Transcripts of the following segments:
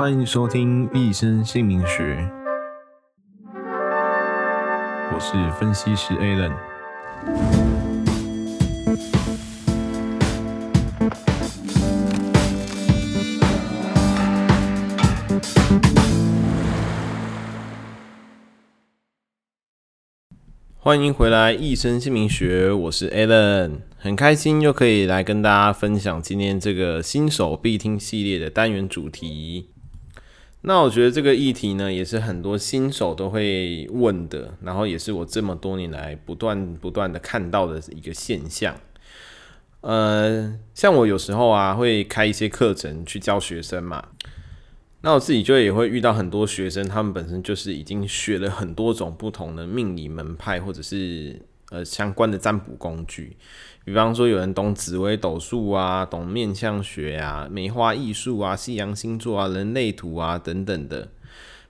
歡迎收聽《一生姓名學》，我是分析師 Alen。歡迎回來《一生姓名學》，我是 Alen，很開心又可以來跟大家分享今天這個新手必聽系列的單元主題。那我覺得這個議題呢，也是很多新手都會問的，然後也是我這麼多年來不斷不斷的看到的一個現象。呃，像我有時候啊，會開一些課程去教學生嘛，那我自己就也會遇到很多學生，他們本身就是已經學了很多種不同的命理門派，或者是。呃，相關的占卜工具，比方說有人懂紫微斗數啊，懂面相學啊，梅花易數啊，西洋星座啊，人類圖啊等等的。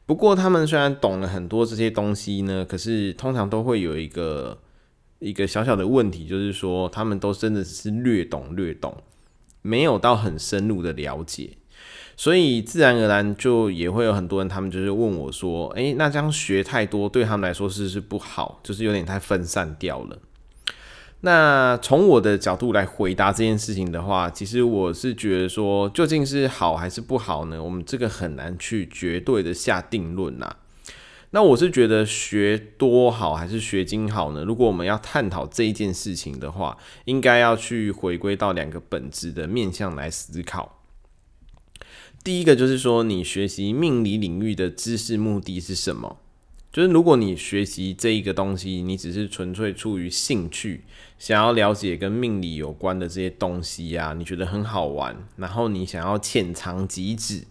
不過他們雖然懂了很多這些東西呢，可是通常都會有一個一個小小的問題，就是說他們都真的是略懂略懂，沒有到很深入的了解。所以自然而然就也會有很多人，他們就是問我說：“欸，那這樣學太多對他們來說是不是不好，就是有點太分散掉了。”那從我的角度來回答這件事情的話，其實我是覺得說，究竟是好還是不好呢？我們這個很難去絕對的下定論吶。那我是覺得學多好還是學精好呢？如果我們要探討這一件事情的話，應該要去回歸到兩個本質的面向來思考。第一個就是說，你學習命理領域的知識目的是什麼？就是如果你學習這一個東西，你只是純粹出於興趣，想要了解跟命理有關的這些東西呀、啊，你覺得很好玩，然後你想要淺嘗即止。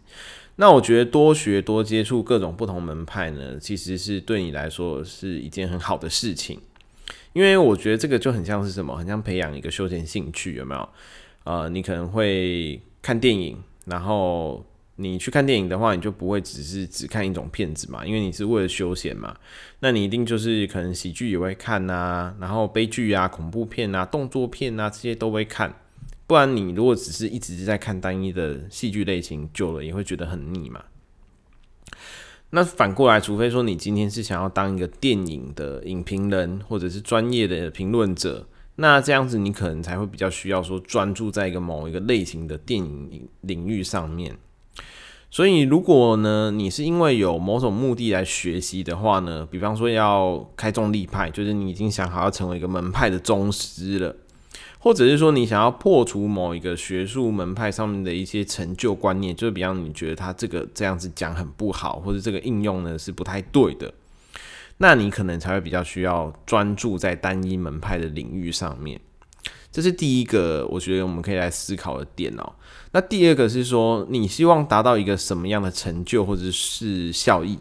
那我覺得多學多接觸各種不同門派呢，其實是對你來說是一件很好的事情，因為我覺得這個就很像是什麼，很像培養一個休閒興趣，有沒有？呃，你可能會看電影。然後你去看電影的話，你就不會只是只看一種片子嘛，因為你是為了休閒嘛。那你一定就是可能喜劇也會看啊，然後悲劇啊、恐怖片啊、動作片啊這些都會看。不然你如果只是一直在看單一的戲劇類型，久了也會覺得很膩嘛。那反過來，除非說你今天是想要當一個電影的影評人，或者是專業的評論者。那這樣子，你可能才會比較需要說專注在一個某一個類型的電影領域上面。所以，如果呢，你是因為有某種目的來學習的話呢，比方說要開宗立派，就是你已經想好要成為一個門派的宗師了，或者是說你想要破除某一個學術門派上面的一些陳舊觀念，就是比方你覺得他這個這樣子講很不好，或者這個應用呢是不太對的。那你可能才會比較需要專注在單一門派的領域上面，這是第一個，我覺得我們可以來思考的點哦。那第二個是說，你希望達到一個什麼樣的成就或者是效益？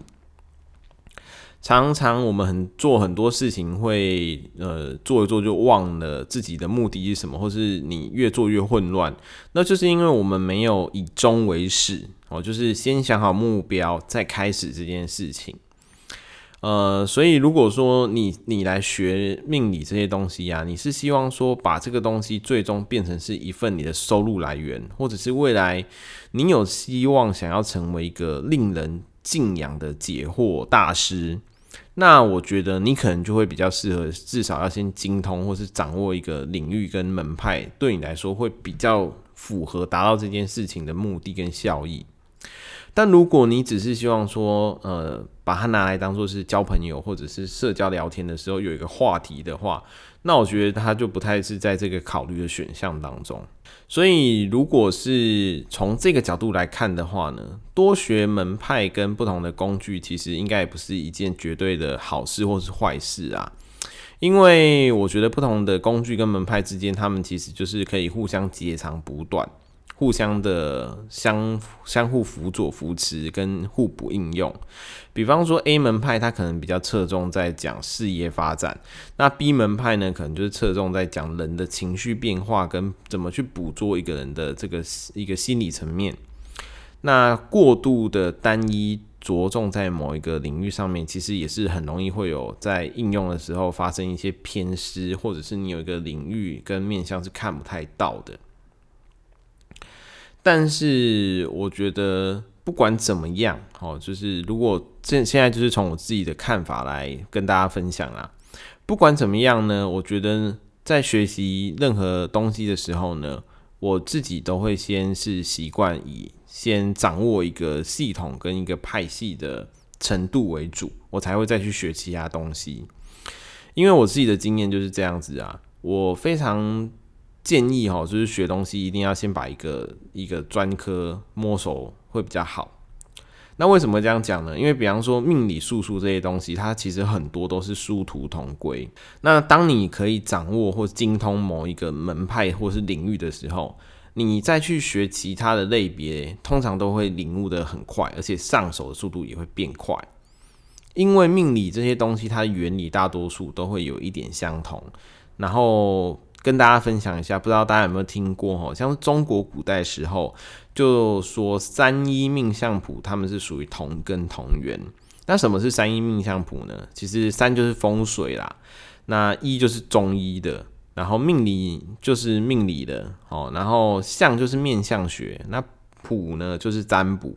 常常我們很做很多事情，會呃做一做就忘了自己的目的是什麼，或是你越做越混亂，那就是因為我們沒有以終為始哦，就是先想好目標，再開始這件事情。呃，所以如果說你你來學命理這些東西呀，你是希望說把這個東西最終變成是一份你的收入來源，或者是未來你有希望想要成為一個令人敬仰的解惑大師，那我覺得你可能就會比較適合，至少要先精通或是掌握一個領域跟門派，對你來說會比較符合達到這件事情的目的跟效益。但如果你只是希望說，呃，把它拿來當做是交朋友或者是社交聊天的時候有一個話題的話，那我覺得它就不太是在這個考慮的選項當中。所以，如果是從這個角度來看的話呢，多學門派跟不同的工具，其實應該也不是一件絕對的好事或是壞事啊。因為我覺得不同的工具跟門派之間，他們其實就是可以互相截長補短。互相的相相互輔佐、扶持跟互補應用。比方說，A 門派它可能比較側重在講事業發展，那 B 門派呢，可能就是側重在講人的情緒變化跟怎麼去捕捉一個人的這個一個心理層面。那過度的單一着重在某一個領域上面，其實也是很容易會有在應用的時候發生一些偏失，或者是你有一個領域跟面向是看不太到的。但是我覺得不管怎麼樣，哦，就是如果現現在就是從我自己的看法來跟大家分享啦、啊。不管怎麼樣呢，我覺得在學習任何東西的時候呢，我自己都會先是習慣以先掌握一個系統跟一個派系的程度為主，我才會再去學其他東西，因為我自己的經驗就是這樣子啊，我非常。建議哈、喔，就是學東西一定要先把一個一個專科摸熟會比較好。那為什麼這樣講呢？因為比方說命理、術數這些東西，它其實很多都是殊途同歸。那當你可以掌握或精通某一個門派或是領域的時候，你再去學其他的類別，通常都會領悟得很快，而且上手的速度也會變快。因為命理這些東西，它的原理大多數都會有一點相同，然後。跟大家分享一下，不知道大家有沒有聽過，像中國古代的時候，就說山醫命相卜，他們是屬於同根同源。那什麼是山醫命相卜呢？其實山就是風水啦，那醫就是中醫的，然後命理就是命理的哦，然後相就是面相學，那卜呢就是占卜。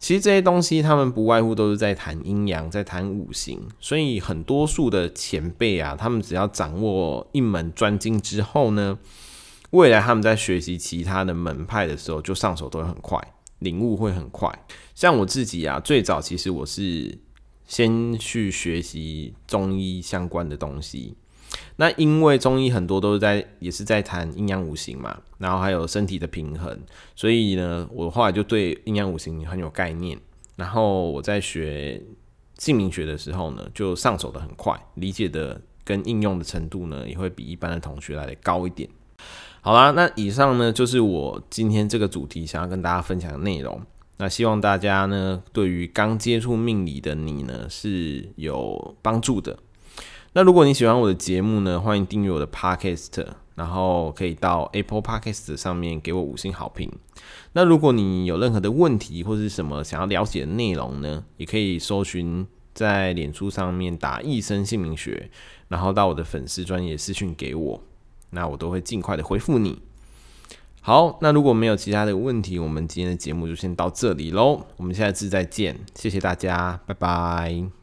其實這些東西，他們不外乎都是在談陰陽，在談五行，所以很多數的前輩啊，他們只要掌握一門專精之後呢，未來他們在學習其他的門派的時候，就上手都會很快，領悟會很快。像我自己啊，最早其實我是先去學習中醫相關的東西。那因為中醫很多都是在，也是在談陰陽五行嘛，然後還有身體的平衡，所以呢，我後來就對陰陽五行很有概念。然後我在學姓名學的時候呢，就上手得很快，理解的跟應用的程度呢，也會比一般的同學來得高一點。好啦，那以上呢就是我今天這個主題想要跟大家分享的內容。那希望大家呢，對於剛接觸命理的你呢，是有幫助的。那如果你喜歡我的節目呢，歡迎訂閱我的 Podcast，然後可以到 Apple Podcast 上面給我五星好評。那如果你有任何的問題或是什麼想要了解的內容呢，也可以搜尋，在臉書上面打一生姓名學，然後到我的粉絲專頁私訊給我，那我都會盡快的回復你。好，那如果沒有其他的問題，我們今天的節目就先到這裡嘍，我們下次再見，謝謝大家，拜拜。